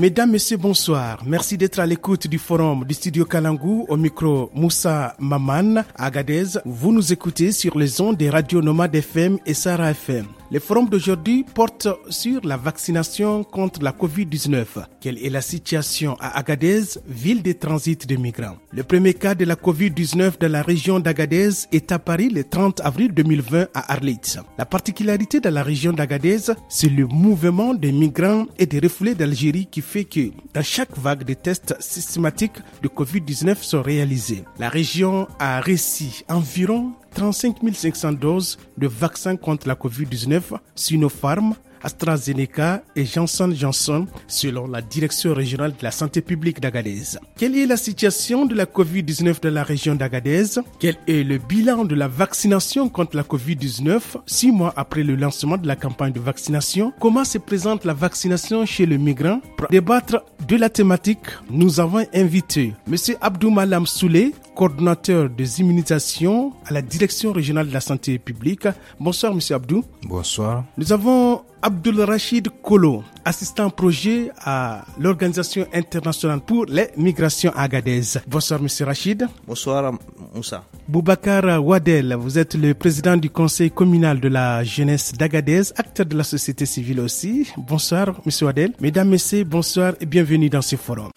Mesdames, Messieurs, bonsoir. Merci d'être à l'écoute du forum du studio Kalangou au micro Moussa Maman à Agadez. Vous nous écoutez sur les ondes des radios Nomad FM et Sarah FM. Le forum d'aujourd'hui porte sur la vaccination contre la COVID-19. Quelle est la situation à Agadez, ville de transit de migrants Le premier cas de la COVID-19 dans la région d'Agadez est apparu le 30 avril 2020 à Arlitz. La particularité de la région d'Agadez, c'est le mouvement des migrants et des refoulés d'Algérie qui fait que dans chaque vague des tests systématiques de COVID-19 sont réalisés. La région a réussi environ 35 500 doses de vaccins contre la COVID-19 Sinopharm AstraZeneca et Johnson Johnson, selon la Direction régionale de la santé publique d'Agadez. Quelle est la situation de la COVID-19 dans la région d'Agadez Quel est le bilan de la vaccination contre la COVID-19 six mois après le lancement de la campagne de vaccination Comment se présente la vaccination chez le migrant Pour débattre de la thématique, nous avons invité M. Abdou Malam Souley, coordinateur des immunisations à la Direction régionale de la santé publique. Bonsoir, Monsieur Abdou. Bonsoir. Nous avons Abdul Rachid Kolo, assistant projet à l'Organisation internationale pour les migrations à Agadez. Bonsoir, monsieur Rachid. Bonsoir, Moussa. Boubacar Wadel, vous êtes le président du conseil communal de la jeunesse d'Agadez, acteur de la société civile aussi. Bonsoir, monsieur Wadel. Mesdames, messieurs, bonsoir et bienvenue dans ce forum.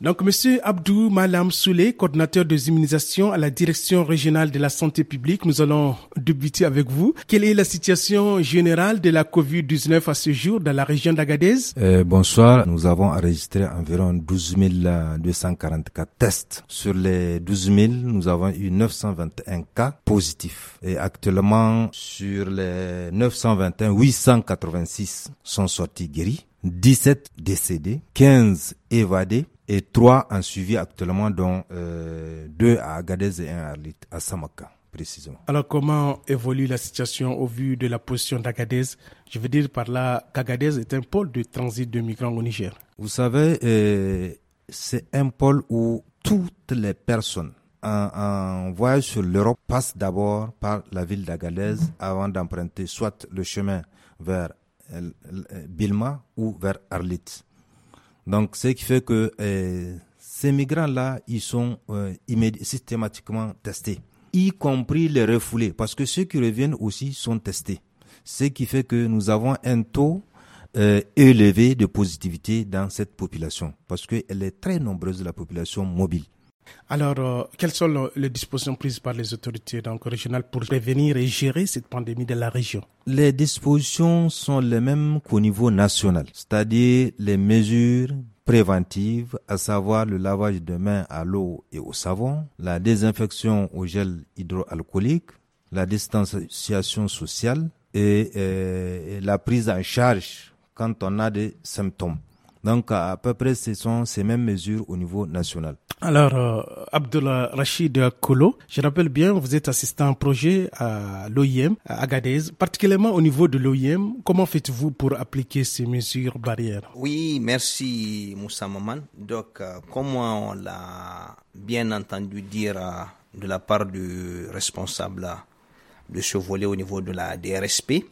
Donc, Monsieur Abdou Malam Soulé, coordinateur des immunisations à la direction régionale de la santé publique, nous allons débuter avec vous. Quelle est la situation générale de la COVID-19 à ce jour dans la région d'Agadez euh, Bonsoir. Nous avons enregistré environ 12 244 tests. Sur les 12 000, nous avons eu 921 cas positifs. Et actuellement, sur les 921, 886 sont sortis guéris. 17 décédés, 15 évadés, et trois en suivi actuellement, dont euh, deux à Agadez et un à Samaka, précisément. Alors, comment évolue la situation au vu de la position d'Agadez Je veux dire par là qu'Agadez est un pôle de transit de migrants au Niger. Vous savez, euh, c'est un pôle où toutes les personnes en, en voyage sur l'Europe passent d'abord par la ville d'Agadez avant d'emprunter soit le chemin vers euh, Bilma ou vers Arlit. Donc, ce qui fait que euh, ces migrants-là, ils sont euh, systématiquement testés, y compris les refoulés, parce que ceux qui reviennent aussi sont testés. Ce qui fait que nous avons un taux euh, élevé de positivité dans cette population, parce qu'elle est très nombreuse, la population mobile. Alors, euh, quelles sont les dispositions prises par les autorités donc, régionales pour prévenir et gérer cette pandémie de la région Les dispositions sont les mêmes qu'au niveau national, c'est-à-dire les mesures préventives, à savoir le lavage de mains à l'eau et au savon, la désinfection au gel hydroalcoolique, la distanciation sociale et euh, la prise en charge quand on a des symptômes. Donc, à peu près, ce sont ces mêmes mesures au niveau national. Alors, euh, Abdullah Rachid Kolo, je rappelle bien, vous êtes assistant projet à l'OIM, à Agadez. Particulièrement au niveau de l'OIM, comment faites-vous pour appliquer ces mesures barrières Oui, merci Moussa Maman. Donc, euh, comme on l'a bien entendu dire euh, de la part du responsable de ce volet au niveau de la DRSP,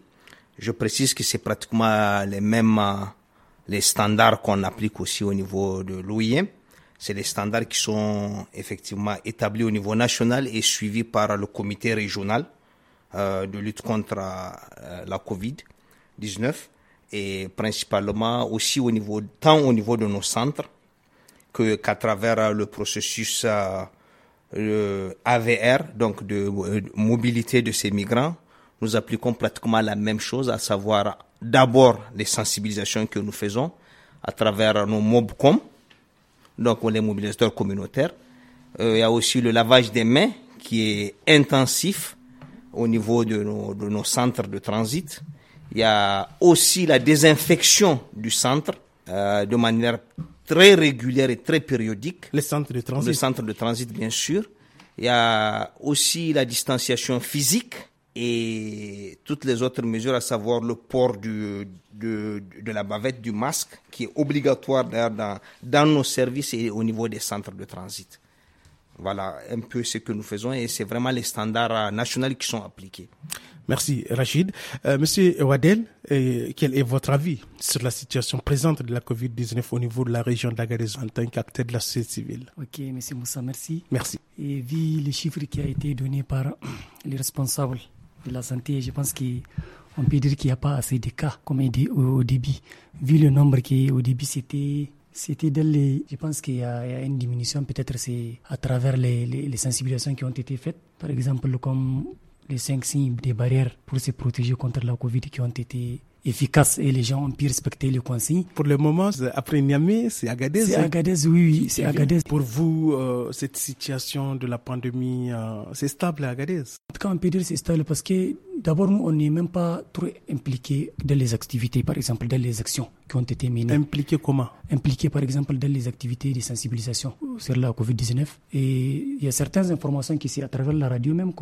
je précise que c'est pratiquement les mêmes les standards qu'on applique aussi au niveau de l'OIM. C'est les standards qui sont effectivement établis au niveau national et suivis par le comité régional euh, de lutte contre euh, la Covid-19 et principalement aussi au niveau, tant au niveau de nos centres que qu'à travers euh, le processus AVR, donc de, mobilité de ces migrants, nous appliquons pratiquement la même chose, à savoir d'abord les sensibilisations que nous faisons à travers nos MOBCOM, donc les mobilisateurs communautaires. Euh, il y a aussi le lavage des mains qui est intensif au niveau de nos, de nos centres de transit. Il y a aussi la désinfection du centre euh, de manière très régulière et très périodique. Les centres de transit. Le centre de transit, bien sûr. Il y a aussi la distanciation physique et toutes les autres mesures, à savoir le port du, de, de, la bavette du masque, qui est obligatoire dans, dans nos services et au niveau des centres de transit. Voilà un peu ce que nous faisons et c'est vraiment les standards euh, nationaux qui sont appliqués. Merci Rachid. Euh, Monsieur Wadel, euh, quel est votre avis sur la situation présente de la COVID-19 au niveau de la région de la en tant qu'acteur de la société civile Ok, Monsieur Moussa, merci. Merci. Et vu les chiffres qui ont été donnés par les responsables de la santé, je pense qu'on peut dire qu'il n'y a pas assez de cas, comme au début. Vu le nombre qui au début, c'était c'était les... Je pense qu'il y, a une diminution, peut-être c'est à travers les, les, sensibilisations qui ont été faites. Par exemple, comme les cinq signes des barrières pour se protéger contre la Covid qui ont été efficace et les gens ont pu respecter les consignes. Pour le moment, après Niamey, c'est Agadez. C'est Agadez, oui, oui c'est Agadez. Pour vous, euh, cette situation de la pandémie, euh, c'est stable à Agadez En tout cas, on peut dire c'est stable parce que d'abord, nous, on n'est même pas trop impliqués dans les activités, par exemple, dans les actions qui ont été menées. Impliqués comment Impliqués, par exemple, dans les activités de sensibilisation sur la COVID-19. Et il y a certaines informations qui, c'est à travers la radio même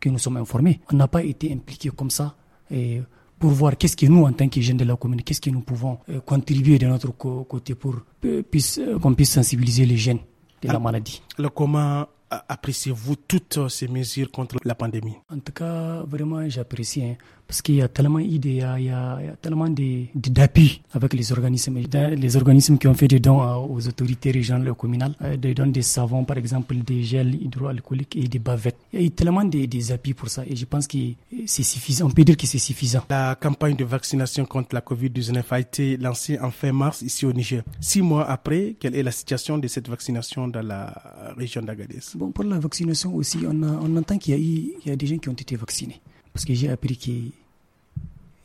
que nous sommes informés. On n'a pas été impliqués comme ça. Et pour voir qu'est-ce que nous, en tant que jeunes de la commune, qu'est-ce que nous pouvons euh, contribuer de notre côté pour euh, euh, qu'on puisse sensibiliser les jeunes de la ah. maladie. Alors comment appréciez-vous toutes ces mesures contre la pandémie En tout cas, vraiment, j'apprécie. Hein parce qu'il y a tellement il il y a tellement d'appui avec les organismes, les organismes qui ont fait des dons aux autorités régionales et communales, euh, des dons des savons par exemple, des gels hydroalcooliques et des bavettes. Il y a tellement d'appuis des pour ça et je pense que c'est suffisant. On peut dire que c'est suffisant. La campagne de vaccination contre la COVID-19 a été lancée en fin mars ici au Niger. Six mois après, quelle est la situation de cette vaccination dans la région d'Agadez Bon, pour la vaccination aussi, on, entend qu'il y a des gens qui ont été vaccinés. Parce que j'ai appris qu'il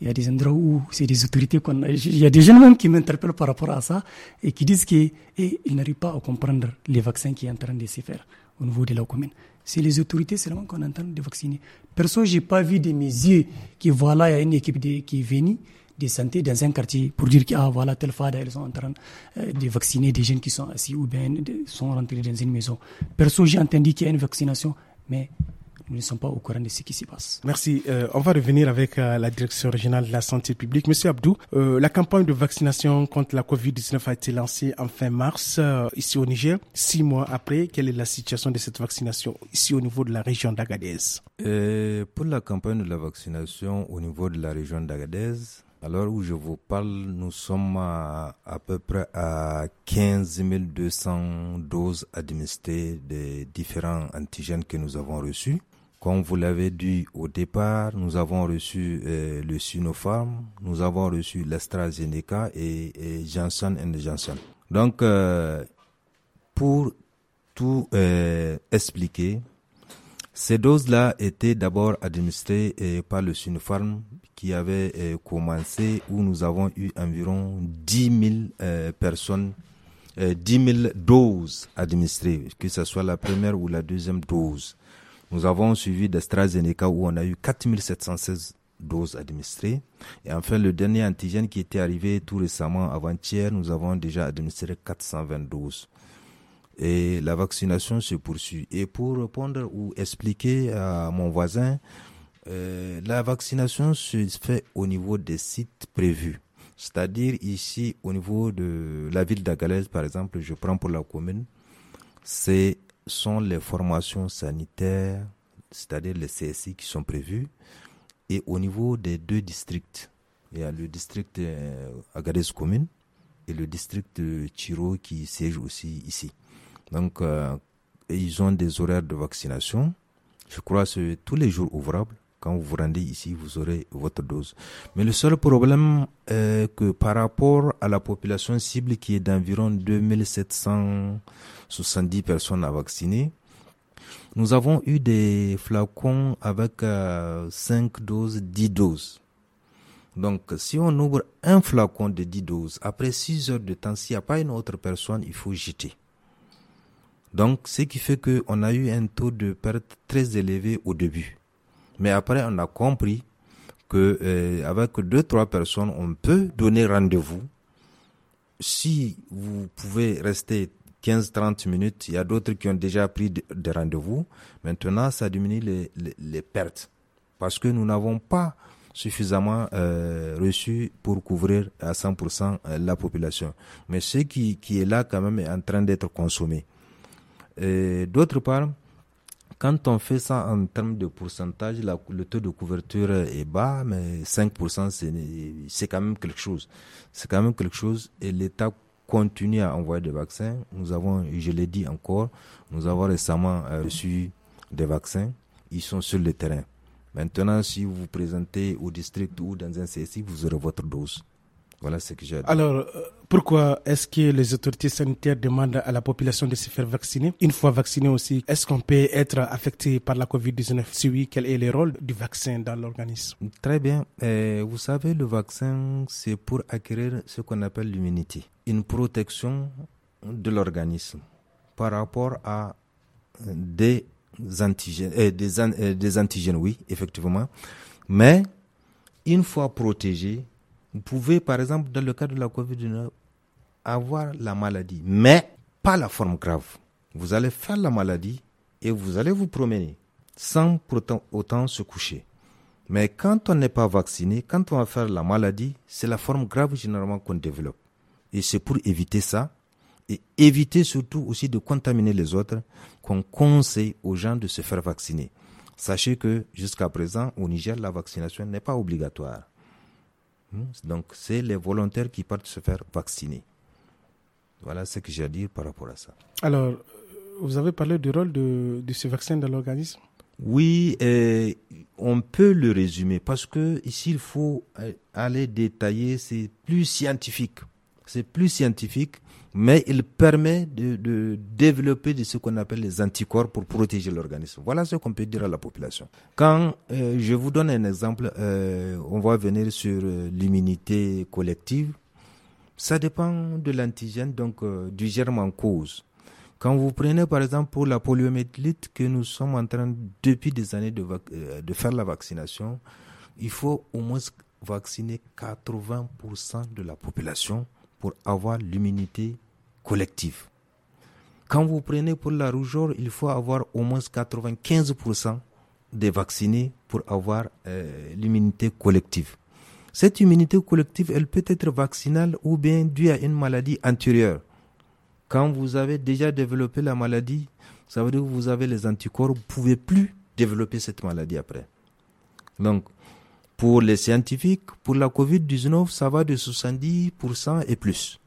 y a des endroits où c'est des autorités qu'on Il y a des jeunes même qui m'interpellent par rapport à ça et qui disent qu'ils eh, n'arrivent pas à comprendre les vaccins qui sont en train de se faire au niveau de la commune. C'est les autorités seulement qu'on est en train de vacciner. Perso, n'ai pas vu de mes yeux que voilà, il y a une équipe qui est venue de santé dans un quartier pour dire que ah, voilà, telle fada, sont en train euh, de vacciner des jeunes qui sont assis ou bien sont rentrés dans une maison. Perso, j'ai entendu qu'il y a une vaccination, mais nous ne sommes pas au courant de ce qui s'y passe. Merci. Euh, on va revenir avec euh, la direction régionale de la santé publique. Monsieur Abdou, euh, la campagne de vaccination contre la COVID-19 a été lancée en fin mars ici au Niger. Six mois après, quelle est la situation de cette vaccination ici au niveau de la région d'Agadez Pour la campagne de la vaccination au niveau de la région d'Agadez, alors où je vous parle, nous sommes à, à, peu près à 15 200 doses administrées des différents antigènes que nous avons reçus. Comme vous l'avez dit au départ, nous avons reçu euh, le Sinopharm, nous avons reçu l'AstraZeneca et, et Johnson Donc, euh, pour tout euh, expliquer, ces doses-là étaient d'abord administrées par le Sinopharm qui avait commencé où nous avons eu environ 10 000 personnes 10 000 doses administrées, que ce soit la première ou la deuxième dose. Nous avons suivi d'AstraZeneca où on a eu 4716 doses administrées. Et enfin, le dernier antigène qui était arrivé tout récemment avant-hier, nous avons déjà administré 420 doses. Et la vaccination se poursuit. Et pour répondre ou expliquer à mon voisin, euh, la vaccination se fait au niveau des sites prévus. C'est-à-dire ici, au niveau de la ville d'Agalès, par exemple, je prends pour la commune, c'est sont les formations sanitaires, c'est-à-dire les CSI qui sont prévues. Et au niveau des deux districts, il y a le district euh, Agadez commune et le district Chiro euh, qui siège aussi ici. Donc, euh, ils ont des horaires de vaccination. Je crois que tous les jours ouvrables. Quand vous vous rendez ici, vous aurez votre dose. Mais le seul problème est que par rapport à la population cible qui est d'environ 2700 70 personnes à vacciner. Nous avons eu des flacons avec 5 euh, doses, 10 doses. Donc, si on ouvre un flacon de 10 doses, après 6 heures de temps, s'il n'y a pas une autre personne, il faut jeter. Donc, ce qui fait qu'on a eu un taux de perte très élevé au début. Mais après, on a compris que 2 euh, avec personnes, on peut donner rendez-vous. Si vous pouvez rester 15-30 minutes. Il y a d'autres qui ont déjà pris des rendez-vous. Maintenant, ça diminue les, pertes parce que nous n'avons pas suffisamment euh, reçu pour couvrir à 100% euh, la population. Mais ce qui, est là quand même est en train d'être consommé. D'autre part, quand on fait ça en termes de pourcentage, la, le taux de couverture est bas, mais 5%, c'est quand même quelque chose. C'est quand même quelque chose et l'État Continuer à envoyer des vaccins. Nous avons, je l'ai dit encore, nous avons récemment euh, reçu des vaccins. Ils sont sur le terrain. Maintenant, si vous vous présentez au district ou dans un CSI, vous aurez votre dose. Voilà ce que j'ai Alors, euh, pourquoi est-ce que les autorités sanitaires demandent à la population de se faire vacciner Une fois vacciné aussi, est-ce qu'on peut être affecté par la COVID-19 Si oui, quel est le rôle du vaccin dans l'organisme Très bien. Euh, vous savez, le vaccin, c'est pour acquérir ce qu'on appelle l'immunité, une protection de l'organisme par rapport à des antigènes, euh, des antigènes, oui, effectivement. Mais une fois protégé, vous pouvez, par exemple, dans le cas de la COVID-19, avoir la maladie, mais pas la forme grave. Vous allez faire la maladie et vous allez vous promener sans pour autant se coucher. Mais quand on n'est pas vacciné, quand on va faire la maladie, c'est la forme grave généralement qu'on développe. Et c'est pour éviter ça, et éviter surtout aussi de contaminer les autres, qu'on conseille aux gens de se faire vacciner. Sachez que jusqu'à présent, au Niger, la vaccination n'est pas obligatoire. Hmm? Donc, c'est les volontaires qui partent se faire vacciner. Voilà ce que j'ai à dire par rapport à ça. Alors, vous avez parlé du rôle de, ce vaccin dans l'organisme Oui, on peut le résumer parce que il faut aller détailler, c'est plus scientifique. C'est plus scientifique mais il permet de, développer de ce qu'on appelle les anticorps pour protéger l'organisme. Voilà ce qu'on peut dire à la population. Quand euh, je vous donne un exemple, euh, on va venir sur euh, l'immunité collective. Ça dépend de l'antigène, donc du germe en cause. Quand vous prenez par exemple pour la poliomyélite que nous sommes en train depuis des années de, de faire la vaccination, il faut au moins vacciner 80% de la population pour avoir l'immunité collective. Quand vous prenez pour la rougeole, il faut avoir au moins 95% des vaccinés pour avoir euh, l'immunité collective. Cette immunité collective, elle peut être vaccinale ou bien due à une maladie antérieure. Quand vous avez déjà développé la maladie, ça veut dire que vous avez les anticorps, vous ne pouvez plus développer cette maladie après. Donc, pour les scientifiques, pour la COVID-19, ça va de 70% et plus.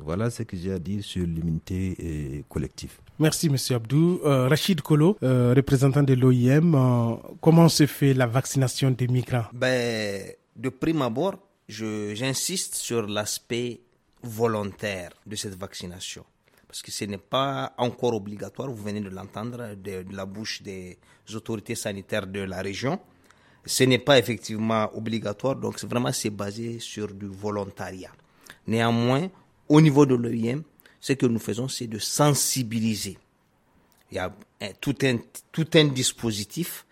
Voilà ce que j'ai à dire sur l'immunité euh, collective. Merci, Monsieur Abdou. Euh, Rachid Kolo, euh, représentant de l'OIM, comment se fait la vaccination des migrants ben, De prime abord, j'insiste sur l'aspect volontaire de cette vaccination. Parce que ce n'est pas encore obligatoire, vous venez de l'entendre de, de, la bouche des autorités sanitaires de la région. Ce n'est pas effectivement obligatoire, donc vraiment c'est basé sur du volontariat. Néanmoins, au niveau de l'OIM, ce que nous faisons, c'est de sensibiliser. Il y a tout, un, tout un dispositif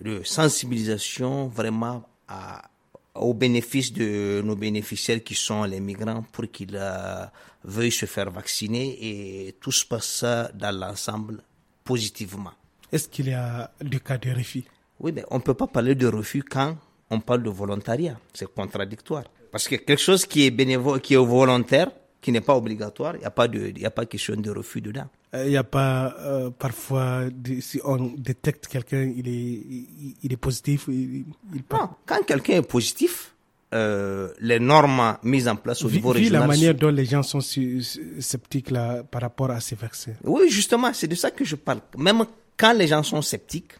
de sensibilisation vraiment à, au bénéfice de nos bénéficiaires qui sont les migrants pour qu'ils euh, veuillent se faire vacciner et tout se passe dans l'ensemble positivement. Est-ce qu'il y a des cas de refus Oui, mais on ne peut pas parler de refus quand on parle de volontariat. C'est contradictoire. Parce que quelque chose qui est bénévole, qui est volontaire, qui n'est pas obligatoire, il n'y a pas de, il a pas question de refus dedans. Euh, il n'y a pas euh, parfois si on détecte quelqu'un, il est, il, est positif. Il, Non, quand quelqu'un est positif, euh, les normes mises en place au niveau régional. la manière dont les gens sont sceptiques là, par rapport à ces versets. Oui, justement, c'est de ça que je parle. Même quand les gens sont sceptiques,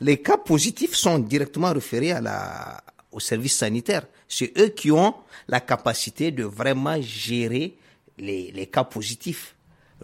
les cas positifs sont directement référés à la, au service sanitaire. C'est eux qui ont la capacité de vraiment gérer les, cas positifs.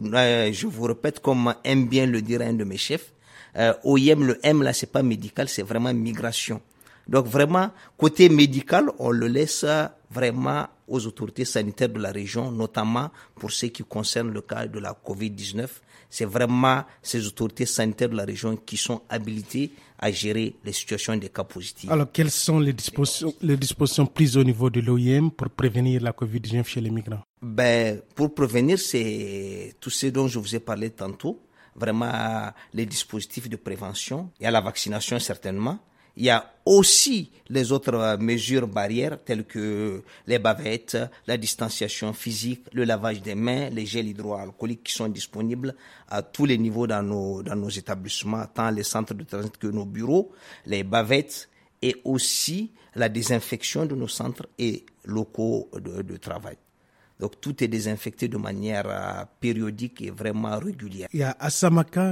Euh, je vous répète, comme aime bien le dire un de mes chefs, euh, OIM, le M, là, c'est pas médical, c'est vraiment migration. Donc vraiment, côté médical, on le laisse vraiment aux autorités sanitaires de la région, notamment pour ce qui concerne le cas de la COVID-19. C'est vraiment ces autorités sanitaires de la région qui sont habilitées à gérer les situations des cas positifs. Alors, quelles sont les dispositions, les dispositions prises au niveau de l'OIM pour prévenir la COVID-19 chez les migrants ben, Pour prévenir, c'est tout ce dont je vous ai parlé tantôt, vraiment les dispositifs de prévention. Il y a la vaccination certainement, il y a aussi les autres euh, mesures barrières telles que les bavettes, la distanciation physique, le lavage des mains, les gels hydroalcooliques qui sont disponibles à tous les niveaux dans nos, établissements, tant les centres de transit que nos bureaux, les bavettes et aussi la désinfection de nos centres et locaux de travail. Donc tout est désinfecté de manière euh, périodique et vraiment régulière. Il y a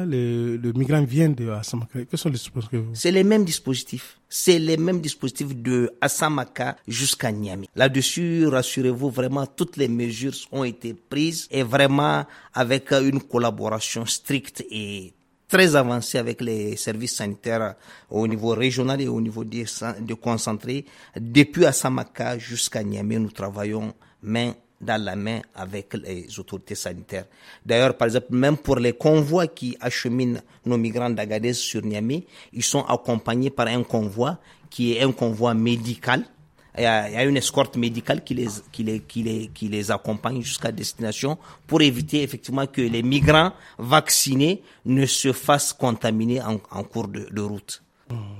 le, le migrant vient de Asamaka. Quels sont les dispositifs C'est les mêmes dispositifs. C'est les mêmes dispositifs de Asamaka jusqu'à Niamey. Là-dessus, rassurez-vous, vraiment, toutes les mesures ont été prises et vraiment avec une collaboration stricte et très avancée avec les services sanitaires au niveau régional et au niveau de, de concentré. Depuis Assamaka jusqu'à Niamey, nous travaillons main dans la main avec les autorités sanitaires. D'ailleurs, par exemple, même pour les convois qui acheminent nos migrants d'Agadez sur Niamey, ils sont accompagnés par un convoi qui est un convoi médical. Il y a une escorte médicale qui les, qui les, qui les, accompagne jusqu'à destination pour éviter effectivement que les migrants vaccinés ne se fassent contaminer en, cours de route.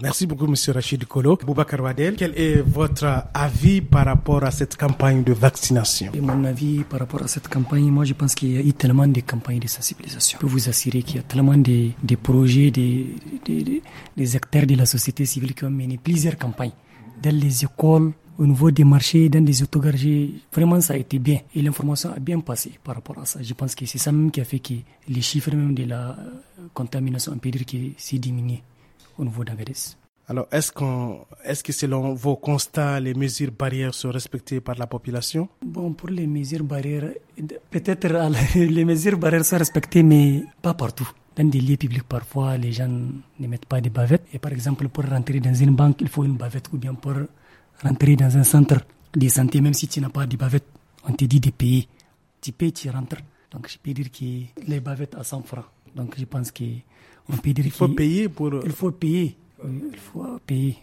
Merci beaucoup, Monsieur Rachid Kolo. Boubacar Wadel, quel est votre avis par rapport à cette campagne de vaccination Mon avis par rapport à cette campagne, moi, je pense qu'il y a eu tellement de campagnes de sensibilisation. Je peux vous assurer qu'il y a tellement de, projets, des, acteurs de la société civile qui ont mené plusieurs campagnes dans les écoles, au niveau des marchés, dans des autogargés. Vraiment, ça a été bien. Et l'information a bien passé par rapport à ça. Je pense que c'est ça même qui a fait que les chiffres même de la euh, contamination empirique s'est diminué au niveau d'Agadez. Alors, est-ce, est-ce que selon vos constats, les mesures barrières sont respectées par la population Bon, pour les mesures barrières, peut-être les mesures barrières sont respectées, mais pas partout. Dans des lieux publics, parfois, les gens ne mettent pas des bavettes. Et par exemple, pour rentrer dans une banque, il faut une bavette. Ou bien pour rentrer dans un centre de santé, même si tu n'as pas de bavette, on te dit de payer. Tu payes, tu rentres. Donc, je peux dire que les bavettes à 100 francs. Donc je pense qu'on peut dire qu'il faut payer pour. Euh, il faut payer. il faut payer.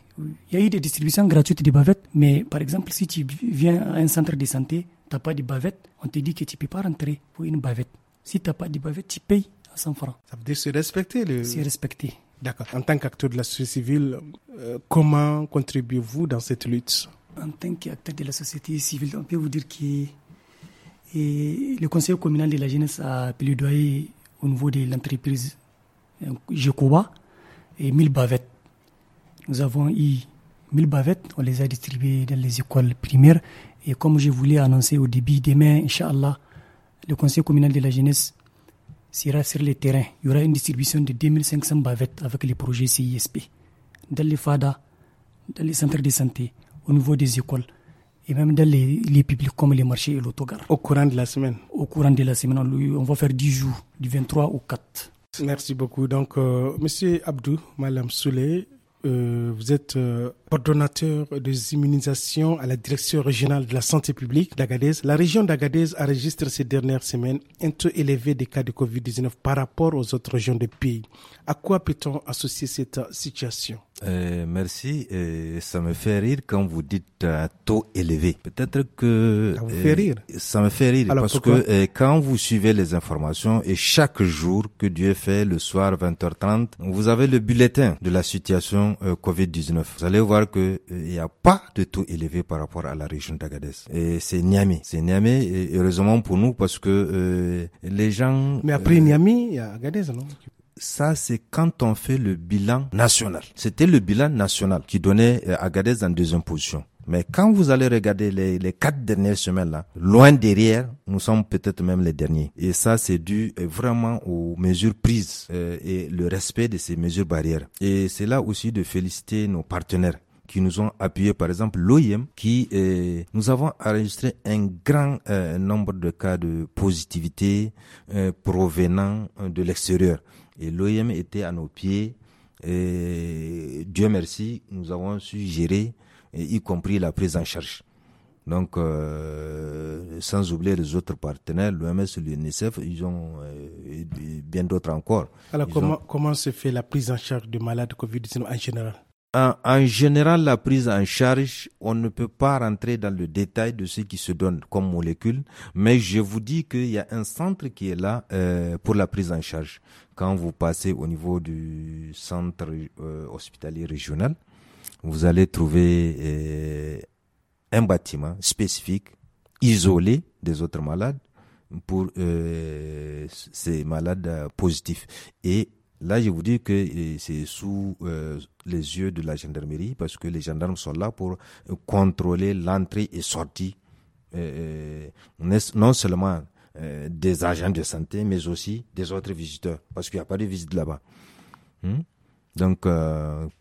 Il y a eu des distributions gratuites de bavettes, mais par exemple, si tu viens à un centre de santé, tu n'as pas de bavette, on te dit que tu ne peux pas rentrer pour une bavette. Si tu n'as pas de bavette, tu payes à 100 francs. Ça veut dire se respecter. Le... Se respecter. D'accord. En tant qu'acteur de la société civile, euh, comment contribuez-vous dans cette lutte En tant qu'acteur de la société civile, on peut vous dire que et le conseil communal de la jeunesse a plaidoyé au niveau de l'entreprise Jekoba euh, et 1000 bavettes. Nous avons eu 1000 bavettes, on les a distribuées dans les écoles primaires. Et comme je voulais annoncer au début, demain, Inch'Allah, le conseil communal de la jeunesse sera sur le terrain. Il y aura une distribution de 2500 bavettes avec les projets CISP, dans les FADA, dans les centres de santé, au niveau des écoles et même dans les, publics comme les marchés et l'autogar. Au courant de la semaine Au courant de la semaine, on va faire 10 jours, du 23 au 4. Merci beaucoup. Donc, euh, M. Abdou, Madame Souley, euh, vous êtes euh, coordonnateur des immunisations à la direction régionale de la santé publique d'Agadez. La région d'Agadez a enregistré ces dernières semaines un taux élevé des cas de Covid-19 par rapport aux autres régions du pays. À quoi peut-on associer cette situation euh, merci. Euh, ça me fait rire quand vous dites un euh, taux élevé. Peut-être que ça vous fait rire. Ça me fait rire parce que quand vous suivez les informations et chaque jour que Dieu fait le soir 20h30, vous avez le bulletin de la situation Covid-19. Vous allez voir que il n'y a pas de taux élevé par rapport à la région d'Agadez. Et c'est Niamey. C'est Niamey. Et heureusement pour nous parce que les gens. Mais après Niamey, il y a Agadez, non ça, c'est quand on fait le bilan national. C'était le bilan national qui donnait euh, Agadez en deuxième position. Mais quand vous allez regarder les, quatre dernières semaines là, loin derrière, nous sommes peut-être même les derniers. Et ça, c'est dû euh, vraiment aux mesures prises euh, et le respect de ces mesures barrières. Et c'est là aussi de féliciter nos partenaires qui nous ont appuyés, par exemple l'OIM, qui nous avons enregistré un grand nombre de cas de positivité provenant de l'extérieur. Et l'OIM était à nos pieds. Et Dieu merci, nous avons su gérer, y compris la prise en charge. Donc, euh, sans oublier les autres partenaires, l'OMS, l'UNICEF, ils ont euh, bien d'autres encore. Alors, comment, comment se fait la prise en charge du malade Covid-19 en général en, en, général, la prise en charge, on ne peut pas rentrer dans le détail de ce qui se donne comme molécule, mais je vous dis qu'il y a un centre qui est là euh, pour la prise en charge. Quand vous passez au niveau du centre euh, hospitalier régional, vous allez trouver euh, un bâtiment spécifique, isolé des autres malades pour euh, ces malades euh, positifs. Et Là, je vous dis que c'est sous euh, les yeux de la gendarmerie parce que les gendarmes sont là pour contrôler l'entrée et sortie, euh, euh, non seulement des agents de santé, mais aussi des autres visiteurs, parce qu'il n'y a pas de visite là-bas. Hmm? Donc,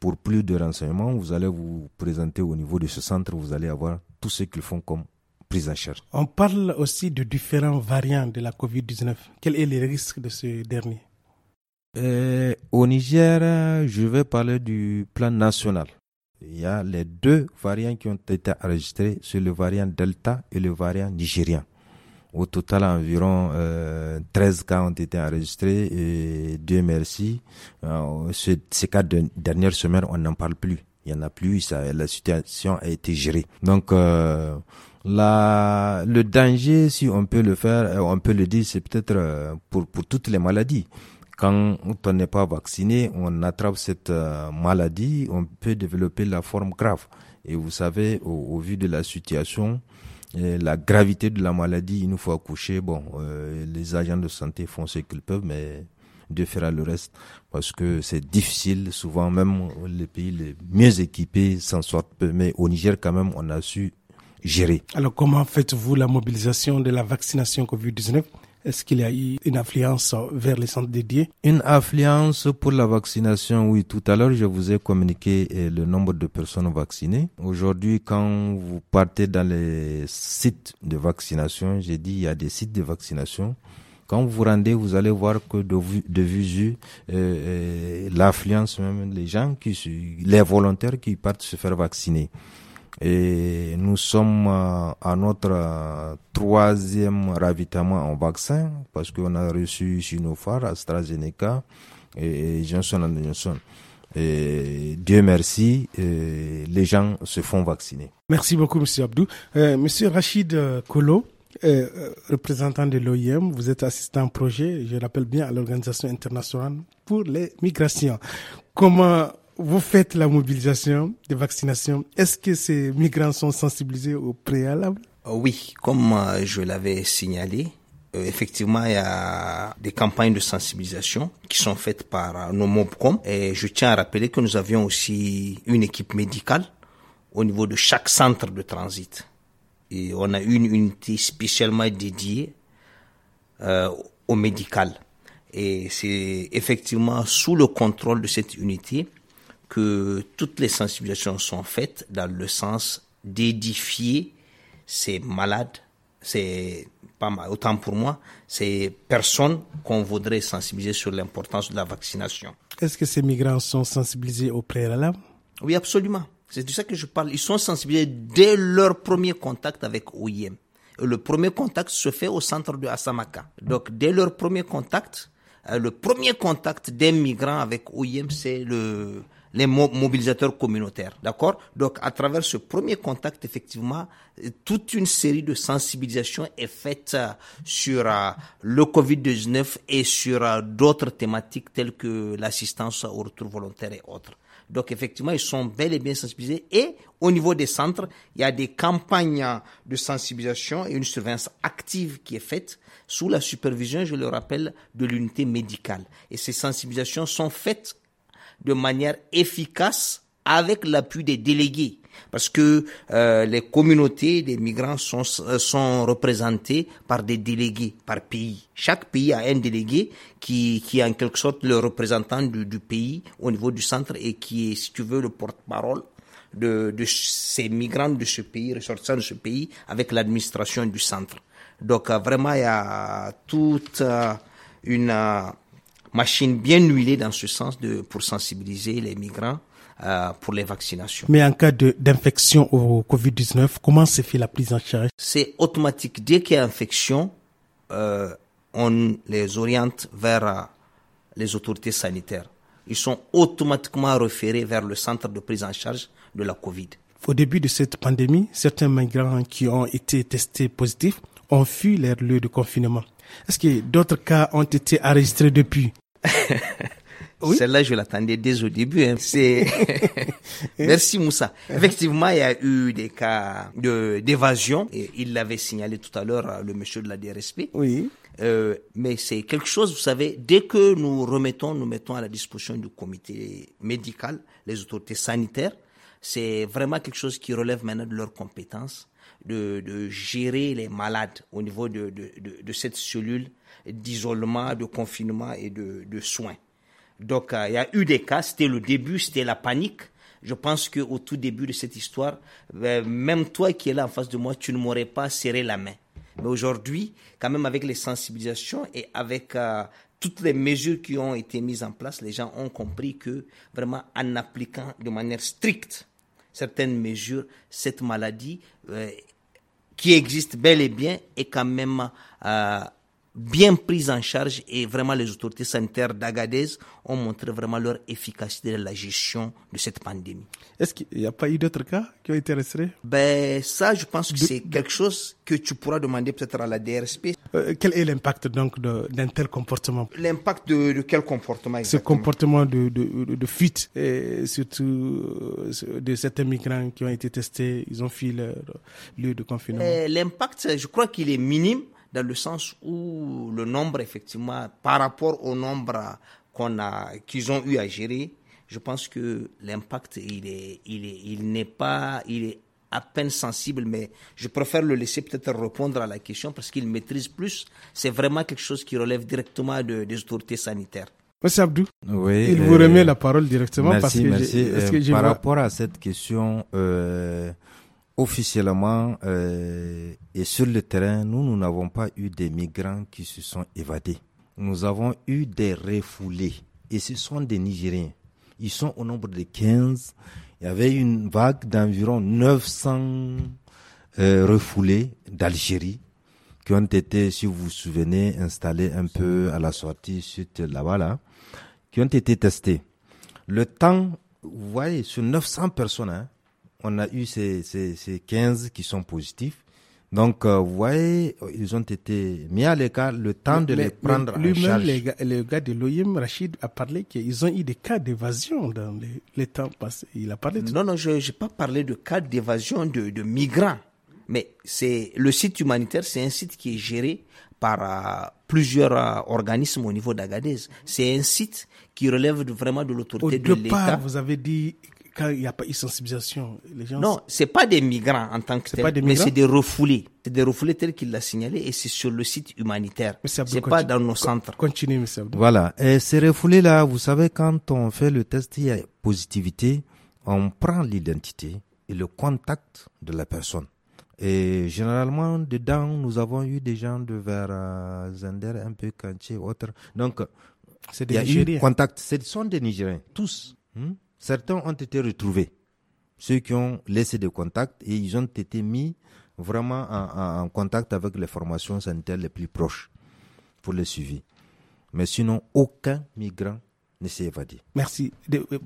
pour plus de renseignements, vous allez vous présenter au niveau de ce centre, vous allez avoir tout ce qu'ils font comme prise en charge. on parle aussi de différents variants de la COVID-19. Quel est le risque de ce dernier euh, au Niger, je vais parler du plan national. Il y a les deux variants qui ont été enregistrés, c'est le variant Delta et le variant nigérien. Au total, environ euh, 13 cas ont été enregistrés et Dieu merci, euh, ces, quatre cas de dernière semaine, on n'en parle plus. Il n'y en a plus, la situation a été gérée. Donc, euh, la, le danger, si on peut le faire, euh, on peut le dire, c'est peut-être pour toutes les maladies. Quand on n'est pas vacciné, on attrape cette euh, maladie, on peut développer la forme grave. Et vous savez, au, vu de la situation, euh, la gravité de la maladie, il nous faut accoucher. Bon, euh, les agents de santé font ce qu'ils peuvent, mais Dieu fera le reste parce que c'est difficile. Souvent, même les pays les mieux équipés s'en sortent peu. Mais au Niger, quand même, on a su gérer. Alors, comment faites-vous la mobilisation de la vaccination Covid-19 est-ce qu'il y a eu une affluence vers les centres dédiés Une affluence pour la vaccination, oui. Tout à l'heure, je vous ai communiqué eh, le nombre de personnes vaccinées. Aujourd'hui, quand vous partez dans les sites de vaccination, j'ai dit il y a des sites de vaccination. Quand vous vous rendez, vous allez voir que de, de vue, euh, eh, eh, l'affluence même, les gens qui, les volontaires qui partent se faire vacciner. Et nous sommes euh, à notre euh, troisième ravitaillement en vaccin parce qu'on a reçu Sinopharm, AstraZeneca et Johnson Johnson. Et Dieu merci, les gens se font vacciner. Merci beaucoup, Monsieur Abdou. Euh, Monsieur Rachid Kolo, représentant de l'OIM, vous êtes assistant projet, je rappelle bien, à l'Organisation internationale pour les migrations. Comment vous faites la mobilisation des vaccinations. Est-ce que ces migrants sont sensibilisés au préalable euh, Oui, comme euh, je l'avais signalé, euh, effectivement, il y a des campagnes de sensibilisation qui sont faites par nos MOBCOM. Et je tiens à rappeler que nous avions aussi une équipe médicale au niveau de chaque centre de transit. Et on a une unité spécialement dédiée au médical. Et c'est effectivement sous le contrôle de cette unité que toutes les sensibilisations sont faites dans le sens d'édifier ces malades, c'est pas mal, autant pour moi, ces personnes qu'on voudrait sensibiliser sur l'importance de la vaccination. Est-ce que ces migrants sont sensibilisés au préalable Oui, absolument. C'est de ça que je parle. Ils sont sensibilisés dès leur premier contact avec OIM. le premier contact se fait au centre de Asamaka. Donc, dès leur premier contact, euh, le premier contact des migrants avec OIM, c'est le, les mobilisateurs communautaires. D'accord Donc, à travers ce premier contact, effectivement, toute une série de sensibilisations est faite euh, sur euh, le Covid-19 et sur euh, d'autres thématiques telles que l'assistance au retour volontaire et autres. Donc effectivement, ils sont bel et bien sensibilisés. Et au niveau des centres, il y a des campagnes de sensibilisation et une surveillance active qui est faite sous la supervision, je le rappelle, de l'unité médicale. Et ces sensibilisations sont faites de manière efficace avec l'appui des délégués parce que euh, les communautés des migrants sont, euh, sont représentées par des délégués par pays. Chaque pays a un délégué qui, qui est en quelque sorte le représentant du, du pays au niveau du centre et qui est, si tu veux, le porte-parole de, de ces migrants de ce pays, ressortissants de ce pays, avec l'administration du centre. Donc euh, vraiment, il y a toute euh, une machine bien huilée dans ce sens de, pour sensibiliser les migrants euh, pour les vaccinations. Mais en cas d'infection au Covid-19, comment se fait la prise en charge C'est automatique. Dès qu'il y a infection, euh, on les oriente vers euh, les autorités sanitaires. Ils sont automatiquement référés vers le centre de prise en charge de la Covid. Au début de cette pandémie, certains migrants qui ont été testés positifs ont fui leur lieu de confinement. Est-ce que d'autres cas ont été enregistrés depuis oui. Celle-là, je l'attendais dès au début. Hein. C'est merci Moussa. Effectivement, il y a eu des cas de d'évasion. Et il l'avait signalé tout à l'heure le monsieur de la DRSP. Oui. Euh, mais c'est quelque chose, vous savez, dès que nous remettons, nous mettons à la disposition du comité médical, les autorités sanitaires, c'est vraiment quelque chose qui relève maintenant de leurs compétences de, de, gérer les malades au niveau de, de, de cette cellule d'isolement, de confinement et de, soins. Donc euh, il y a eu des cas, c'était le début, c'était la panique. Je pense qu'au tout début de cette histoire, ben, même toi qui es là en face de moi, tu ne m'aurais pas serré la main. Mais aujourd'hui, quand même avec les sensibilisations et avec euh, toutes les mesures qui ont été mises en place, les gens ont compris que vraiment en appliquant de manière stricte certaines mesures, cette maladie euh, qui existe bel et bien et quand même euh, bien prise en charge et vraiment les autorités sanitaires d'Agadez ont montré vraiment leur efficacité dans la gestion de cette pandémie. Est-ce qu'il n'y a pas eu d'autres cas qui ont été restés Ben ça, je pense que c'est quelque chose que tu pourras demander peut-être à la DRSP. Euh, quel est l'impact donc d'un tel comportement L'impact de, quel comportement exactement? Ce comportement de, de, fuite, surtout euh, de certains migrants qui ont été testés, ils ont fui leur lieu de confinement. Eh, l'impact, je crois qu'il est minime dans le sens où le nombre, effectivement, par rapport au nombre qu'on a, qu'ils ont eu à gérer, je pense que l'impact, il est, il est, il n'est pas, il est à peine sensible, mais je préfère le laisser peut-être répondre à la question parce qu'il maîtrise plus. C'est vraiment quelque chose qui relève directement de, des autorités sanitaires. Monsieur Abdou, oui, il vous remet euh, la parole directement merci, parce que, euh, par rapport à cette question, euh, officiellement euh, et sur le terrain, nous, nous n'avons pas eu des migrants qui se sont évadés. Nous avons eu des refoulés. Et ce sont des Nigériens. Ils sont au nombre de 15. Il y avait une vague d'environ 900 euh, refoulés d'Algérie qui ont été, si vous vous souvenez, installés un peu à la sortie suite là-bas, là, qui ont été testés. Le temps, vous voyez, sur 900 personnes, hein, on a eu ces, ces, 15 qui sont positifs. Donc, euh, vous voyez, ils ont été mis à l'écart le temps de les prendre en charge. le gars de l'OIM, Rachid, a parlé qu'ils ont eu des cas d'évasion dans les, temps passés. Il a parlé Non, non, je n'ai pas parlé de cas d'évasion de, migrants. Mais c'est le site humanitaire, c'est un site qui est géré par euh, plusieurs euh, organismes au niveau d'Agadez. C'est un site qui relève vraiment de l'autorité de l'État. vous avez dit quand il n'y a pas eu sensibilisation, les gens. Non, c'est pas des migrants en tant que tel, pas mais c'est des refoulés. C'est des refoulés tels qu'il l'a signalé et c'est sur le site humanitaire. C'est pas dans nos centres. Continue, monsieur Voilà. Et ces refoulés-là, vous savez, quand on fait le test, il y a positivité, on prend l'identité et le contact de la personne. Et généralement, dedans, nous avons eu des gens de vers euh, Zender, un peu Kanché, autres. Donc, il y a eu contact. Ce sont des Nigériens, tous. Hmm? Certains ont été retrouvés, ceux qui ont laissé des contacts et ils ont été mis vraiment en, contact avec les formations sanitaires les plus proches pour le suivi. Mais sinon, aucun migrant ne s'est évadé. Merci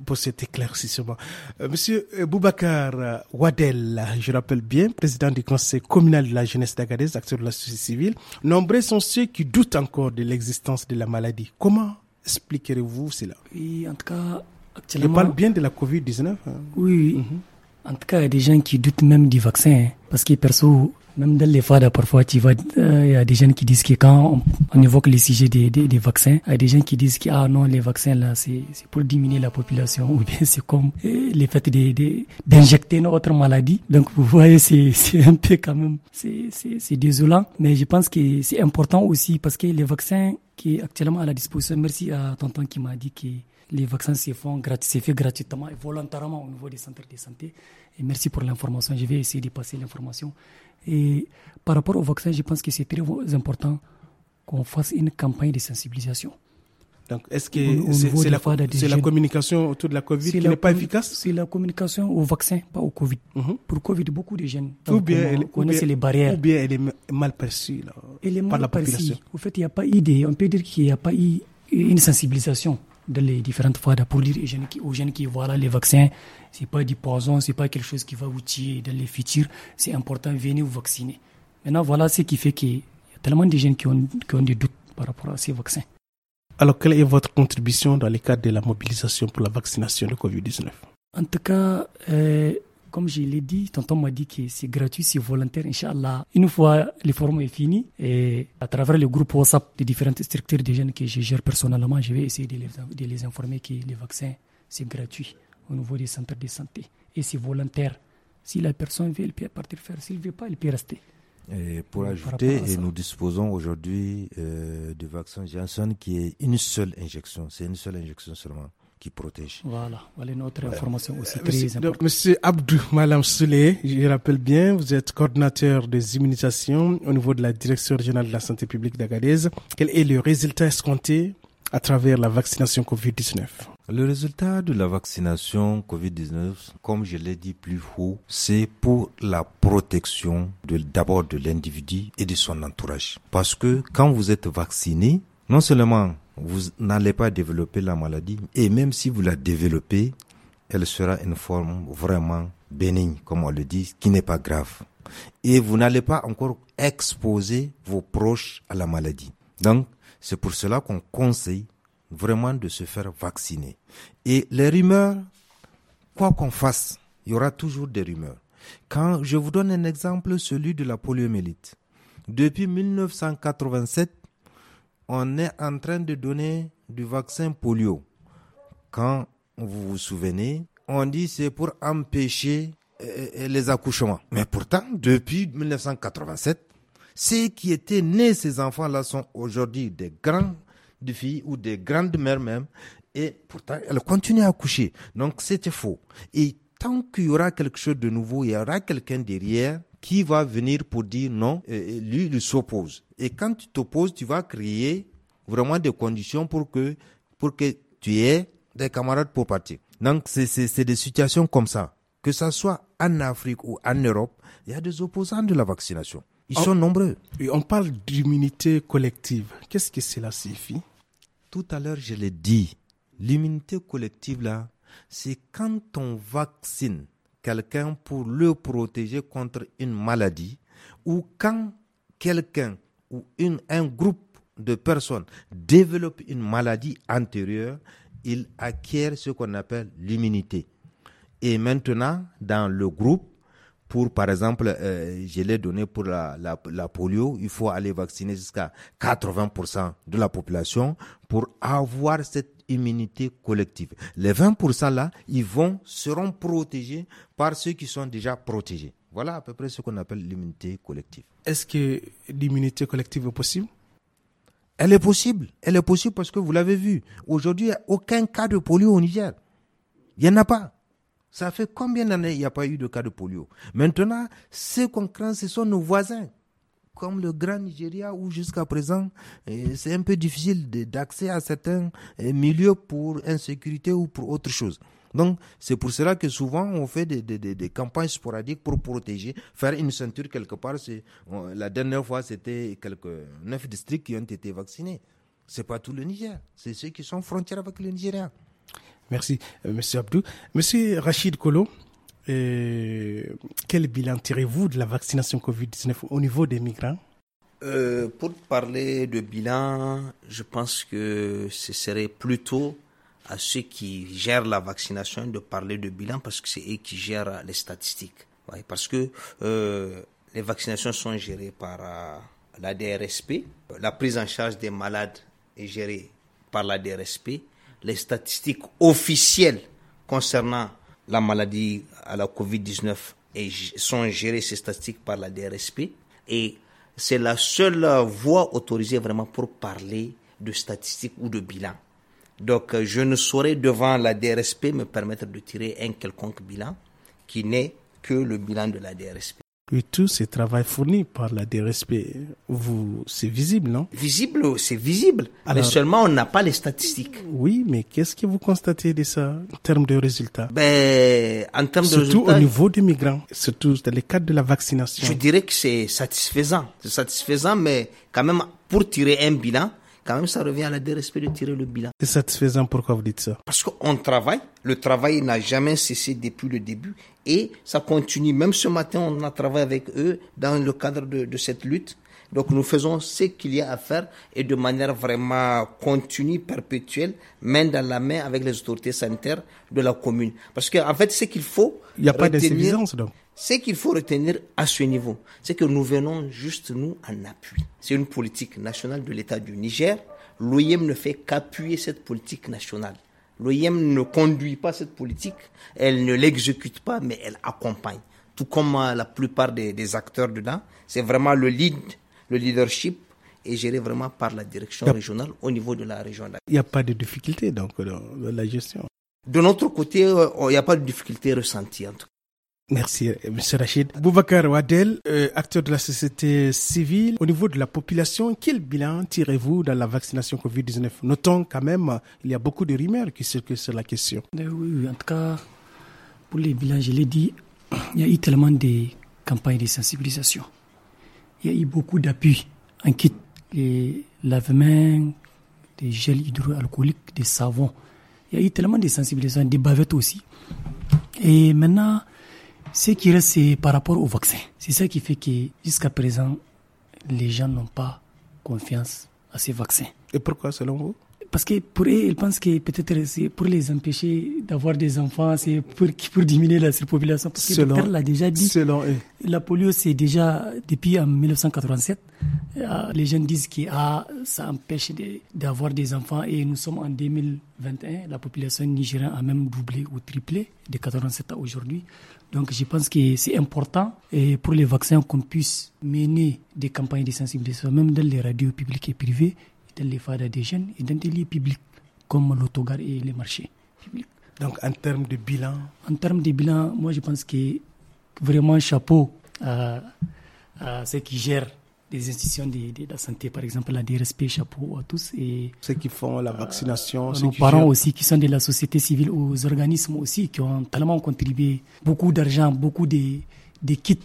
pour cet éclaircissement. Euh, Monsieur euh, Boubacar euh, Wadel, je rappelle bien, président du conseil communal de la jeunesse d'Agadez, acteur de la société civile, nombreux sont ceux qui doutent encore de l'existence de la maladie. Comment expliquerez-vous cela Oui, en tout cas, tu parle bien de la Covid-19. Hein. Oui, mhm. en tout cas, il y a des gens qui doutent même du vaccin. Hein. parce que perso, même dans les fades, parfois, euh, il y a des gens qui disent que quand on, évoque le sujet des, des, vaccins, il y a des gens qui disent que, ah non, les vaccins, là, c'est pour diminuer la population, ou bien c'est comme euh, le fait d'injecter autre maladie. Donc, vous voyez, c'est un peu quand même, c'est désolant. Mais je pense que c'est important aussi parce que les vaccins qui est actuellement à la disposition, merci à Tonton qui m'a dit que les vaccins se font c'est fait gratuitement et volontairement au niveau des centres de santé. Et merci pour l'information. Je vais essayer de passer l'information. Et par rapport au vaccin, je pense que c'est très important qu'on fasse une campagne de sensibilisation. Donc, est-ce que c'est la, communication autour de la COVID qui n'est pas efficace C'est la communication au vaccin, pas au COVID. Mhm. Pour COVID, beaucoup de jeunes connaissent les barrières. Ou bien elle est mal perçue elle est mal Perçue. Au fait, il n'y a pas idée. On peut dire qu'il n'y a pas eu une sensibilisation dans les différentes fois pour dire aux jeunes qui, aux les vaccins, c'est pas du poison, c'est pas quelque chose qui va vous tuer dans les futurs. C'est important, venez vous vacciner. Maintenant, voilà ce qui fait qu'il y a tellement de jeunes qui ont, qui ont des doutes par rapport à ces vaccins. Alors, quelle est votre contribution dans le cadre de la mobilisation pour la vaccination de COVID-19 En tout cas, euh, comme je l'ai dit, Tonton m'a dit que c'est gratuit, c'est volontaire, Inch'Allah. Une fois le forum est fini, et à travers le groupe WhatsApp des différentes structures de jeunes que je gère personnellement, je vais essayer de les, informer que le vaccin, c'est gratuit au niveau des centres de santé. Et c'est volontaire. Si la personne veut, elle peut partir faire. S'il ne veut pas, elle peut rester. pour ajouter, nous disposons aujourd'hui de euh, du vaccin Janssen qui est une seule injection. C'est une seule injection seulement qui protège. Voilà, voilà une autre information aussi euh, très monsieur, importante. monsieur Abdou Malam Souley, je rappelle bien, vous êtes coordinateur des immunisations au niveau de la Direction régionale de la santé publique d'Agadez. Quel est le résultat escompté à travers la vaccination COVID-19 Le résultat de la vaccination COVID-19, comme je l'ai dit plus haut, c'est pour la protection d'abord de l'individu et de son entourage. Parce que quand vous êtes vacciné, non seulement vous n'allez pas développer la maladie. Et même si vous la développez, elle sera une forme vraiment bénigne, comme on le dit, qui n'est pas grave. Et vous n'allez pas encore exposer vos proches à la maladie. Donc, c'est pour cela qu'on conseille vraiment de se faire vacciner. Et les rumeurs, quoi qu'on fasse, il y aura toujours des rumeurs. Quand je vous donne un exemple, celui de la poliomyélite. Depuis 1987, on est en train de donner du vaccin polio. Quand vous vous souvenez, on dit c'est pour empêcher euh, euh, les accouchements. Mais pourtant, depuis 1987, ceux qui étaient nés, ces enfants-là, sont aujourd'hui des grandes filles ou des grandes mères même. Et pourtant, elles continuent à accoucher. Donc, c'était faux. Et tant qu'il y aura quelque chose de nouveau, il y aura quelqu'un derrière qui va venir pour dire non, lui, il s'oppose. Et quand tu t'opposes, tu vas créer vraiment des conditions pour que, pour que tu aies des camarades pour partir. Donc, c'est des situations comme ça. Que ça soit en Afrique ou en Europe, il y a des opposants de la vaccination. Ils oh. sont nombreux. on parle d'immunité collective. Qu'est-ce que cela signifie Tout à l'heure, je l'ai dit. L'immunité collective, là, c'est quand on vaccine quelqu'un pour le protéger contre une maladie ou quand quelqu'un ou un groupe de personnes développe une maladie antérieure, il acquiert ce qu'on appelle l'immunité. Et maintenant, dans le groupe, pour, par exemple, euh, je l'ai donné pour la, la, polio, il faut aller vacciner jusqu'à 80% de la population pour avoir cette immunité collective. Les 20% là, ils vont, seront protégés par ceux qui sont déjà protégés. Voilà à peu près ce qu'on appelle l'immunité collective. Est-ce que l'immunité collective est possible Elle est possible. Elle est possible parce que vous l'avez vu. Aujourd'hui, il n'y a aucun cas de polio au Niger. Il n'y en a pas. Ça fait combien d'années il n'y a pas eu de cas de polio Maintenant, ce qu'on craint, ce sont nos voisins, comme le Grand Nigeria, où jusqu'à présent, eh, c'est un peu difficile d'accès à certains eh, milieux pour insécurité ou pour autre chose. Donc, c'est pour cela que souvent, on fait des, campagnes sporadiques pour protéger, faire une ceinture quelque part. la dernière fois, c'était quelques neuf districts qui ont été vaccinés. Ce n'est pas tout le Niger, c'est ceux qui sont frontières avec le Nigeria. Merci, euh, Monsieur Abdou. Monsieur Rachid Kolo, euh, quel bilan tirez-vous de la vaccination Covid-19 au niveau des migrants euh, Pour parler de bilan, je pense que ce serait plutôt à ceux qui gèrent la vaccination de parler de bilan parce que c'est eux qui gèrent les statistiques. parce que les vaccinations sont gérées par la DRSP, la prise en charge des malades est gérée par la DRSP les statistiques officielles concernant la maladie à la COVID-19 et sont gérées ces statistiques par la DRSP. Et c'est la seule voie autorisée vraiment pour parler de statistiques ou de bilan. Donc euh, je ne saurais devant la DRSP me permettre de tirer un quelconque bilan qui n'est que le bilan de la DRSP. Et tout ce travail fourni par la DRSP, vous, c'est visible, non Visible, c'est visible. mais seulement, on n'a pas les statistiques. Oui, mais qu'est-ce que vous constatez de ça en termes de résultats Ben, en termes de surtout résultats. Surtout au niveau des migrants, surtout dans le cadre de la vaccination. Je dirais que c'est satisfaisant. C'est satisfaisant, mais quand même, pour tirer un bilan, quand même, ça revient à la dérespect de tirer le bilan. C'est satisfaisant, pourquoi vous dites ça Parce qu'on travaille, le travail n'a jamais cessé depuis le début et ça continue. Même ce matin, on a travaillé avec eux dans le cadre de, cette lutte. Donc nous faisons ce qu'il y a à faire et de manière vraiment continue, perpétuelle, main dans la main avec les autorités sanitaires de la commune. Parce qu'en fait, ce qu'il faut... Il n'y a pas d'insuffisance donc ce qu'il faut retenir à ce niveau, c'est que nous venons juste nous en appui. C'est une politique nationale de l'État du Niger. L'OIM ne fait qu'appuyer cette politique nationale. L'OIM ne conduit pas cette politique, elle ne l'exécute pas, mais elle accompagne. Tout comme euh, la plupart des, acteurs dedans, c'est vraiment le lead, le leadership est géré vraiment par la direction régionale au niveau de la région. Il n'y a pas de difficulté donc dans la gestion. De notre côté, il euh, n'y a pas de difficulté ressentie. En tout Merci, euh, M. Rachid. Boubacar Wadel, euh, acteur de la société civile, au niveau de la population, quel bilan tirez-vous dans la vaccination COVID-19 Notons quand même, euh, il y a beaucoup de rumeurs qui circulent sur la question. Eh oui, en tout cas, pour les bilans, je l'ai dit, il y a eu tellement de campagnes de sensibilisation. Il y a eu beaucoup d'appui en kit, les lavements, des gels hydroalcooliques, des savons. Il y a eu tellement de sensibilisation, des bavettes aussi. Et maintenant, ce qui reste, c'est par rapport au vaccin. C'est ça qui fait que jusqu'à présent, les gens n'ont pas confiance à ces vaccins. Et pourquoi selon vous parce que pour eux, ils pensent que peut-être c'est pour les empêcher d'avoir des enfants, c'est pour, diminuer la surpopulation. Parce que l'a déjà dit. La polio, c'est déjà depuis en 1987. Euh, les jeunes disent que ah, ça empêche d'avoir des enfants et nous sommes en 2021. La population nigérienne a même doublé ou triplé de 87 à aujourd'hui. Donc je pense que c'est important et pour les vaccins qu'on puisse mener des campagnes de sensibilisation, même dans les radios publiques et privées, les fadas des jeunes et dans des lieux publics comme l'autogare et les marchés publics. Donc en termes de bilan En termes de bilan, moi je pense que vraiment chapeau à, ceux qui gèrent les institutions de, la santé, par exemple la DRSP, chapeau à tous. Et ceux qui font la euh, vaccination. nos parents aussi, qui sont de la société civile, aux organismes aussi, qui ont tellement contribué beaucoup d'argent, beaucoup des de kits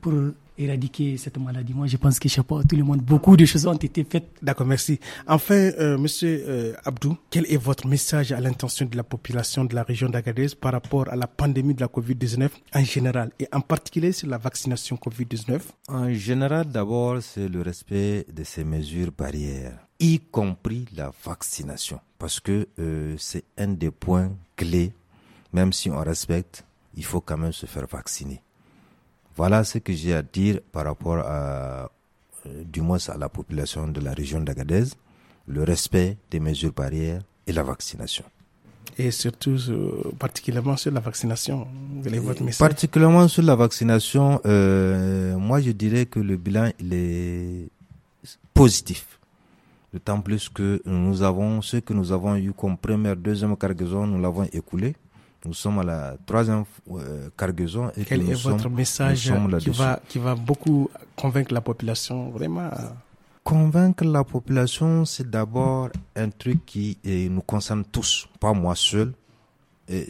pour éradiquer cette maladie. Moi, je pense que chaque pas, tout le monde, beaucoup de choses ont été faites. D'accord, merci. Enfin, euh, Monsieur euh, Abdou, quel est votre message à l'intention de la population de la région d'Agadez par rapport à la pandémie de la COVID-19 en général et en particulier sur la vaccination COVID-19 En général, d'abord, c'est le respect de ces mesures barrières y compris la vaccination, parce que euh, c'est un des points clés, même si on respecte, il faut quand même se faire vacciner. Voilà ce que j'ai à dire par rapport à, euh, du moins à la population de la région d'Agadez, le respect des mesures barrières et la vaccination. Et surtout, euh, particulièrement sur la vaccination, vous votre message. Particulièrement sur la vaccination, euh, moi je dirais que le bilan il est positif. D'autant plus que nous avons, ce que nous avons eu comme première, deuxième cargaison, nous l'avons écoulé. Nous sommes à la troisième euh, cargaison. Et Quel est votre message qui va, qui va beaucoup convaincre la population, vraiment Convaincre la population, c'est d'abord un truc qui euh, nous concerne tous, pas moi seul, et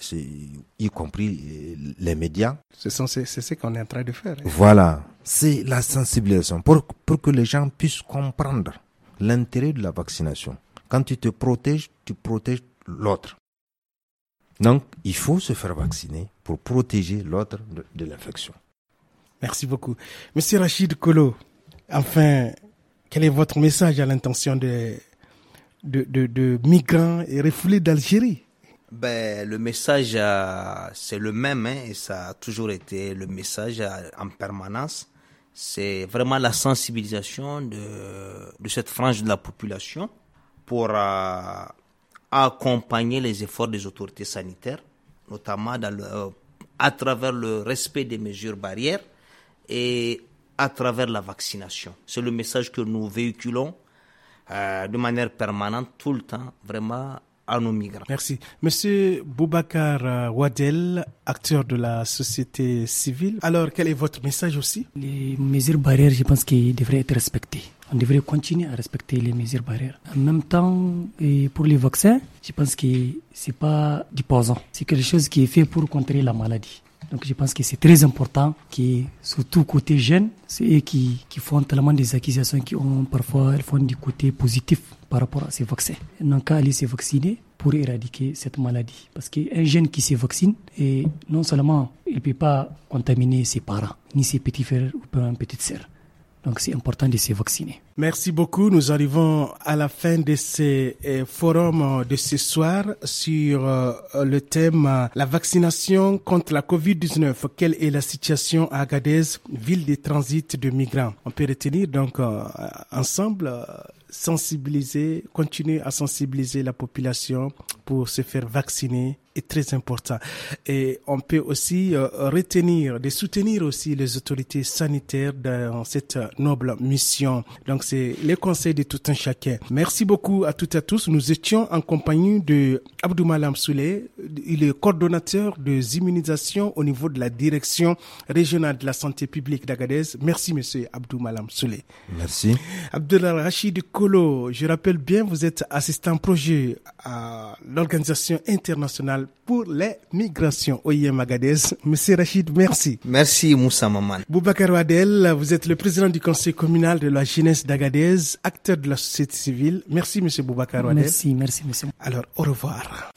y compris euh, les médias. C'est ce qu'on est en train de faire. Hein. Voilà, c'est la sensibilisation pour, pour que les gens puissent comprendre l'intérêt de la vaccination. Quand tu te protèges, tu protèges l'autre. Donc, il faut se faire vacciner pour protéger l'autre de, l'infection. Merci beaucoup. Monsieur Rachid Kolo, enfin, quel est votre message à l'intention de, de, de, migrants et refoulés d'Algérie ben, Le message, euh, c'est le même, hein, et ça a toujours été le message euh, en permanence. C'est vraiment la sensibilisation de, de cette frange de la population pour... Euh, accompagner les efforts des autorités sanitaires, notamment dans euh, à travers le respect des mesures barrières et à travers la vaccination. C'est le message que nous véhiculons euh, de manière permanente, tout le temps, vraiment à nos migrants. Merci. Monsieur Boubacar euh, Wadel, acteur de la société civile, alors quel est votre message aussi Les mesures barrières, je pense qu'elles devraient être respectées on devrait continuer à respecter les mesures barrières. En même temps, et pour les vaccins, je pense que c'est pas du poison. C'est quelque chose qui est fait pour contrer la maladie. Donc je pense que c'est très important que, surtout côté jeunes, c'est qui, qui, font tellement des accusations qui ont parfois, font du côté positif par rapport à ces vaccins. n'ont qu'à aller se vacciner pour éradiquer cette maladie. Parce qu'un jeune qui se vaccine, et non seulement il ne peut pas contaminer ses parents, ni ses petits frères ou petites sœurs, donc c'est important de se vacciner. Merci beaucoup. Nous arrivons à la fin de ce euh, forum euh, de ce soir sur euh, le thème la vaccination contre la COVID-19. Quelle est la situation à Agadez, ville de transit de migrants On peut retenir donc ensemble sensibiliser, continuer à sensibiliser la population pour se faire vacciner est très important. Et on peut aussi euh, retenir, de soutenir aussi les autorités sanitaires dans cette noble mission. Donc c'est les conseils de tout un chacun. Merci beaucoup à toutes et à tous. Nous étions en compagnie de Abdou Malam Souley. Il est coordonnateur des immunisations au niveau de la direction régionale de la santé publique d'Agadez. Merci monsieur Abdou Malam Souley. Merci. Abdullah Rachid Kolo, je rappelle bien, vous êtes assistant projet à l'Organisation internationale pour les migrations, OIE Agadez. Monsieur Rachid, merci. Merci Moussa Maman. Boubacar Wadel, vous êtes le président du conseil communal de la jeunesse d'Agadez, acteur de la société civile. Merci Monsieur Boubacar Wadel. Merci, merci Monsieur. Alors, au revoir.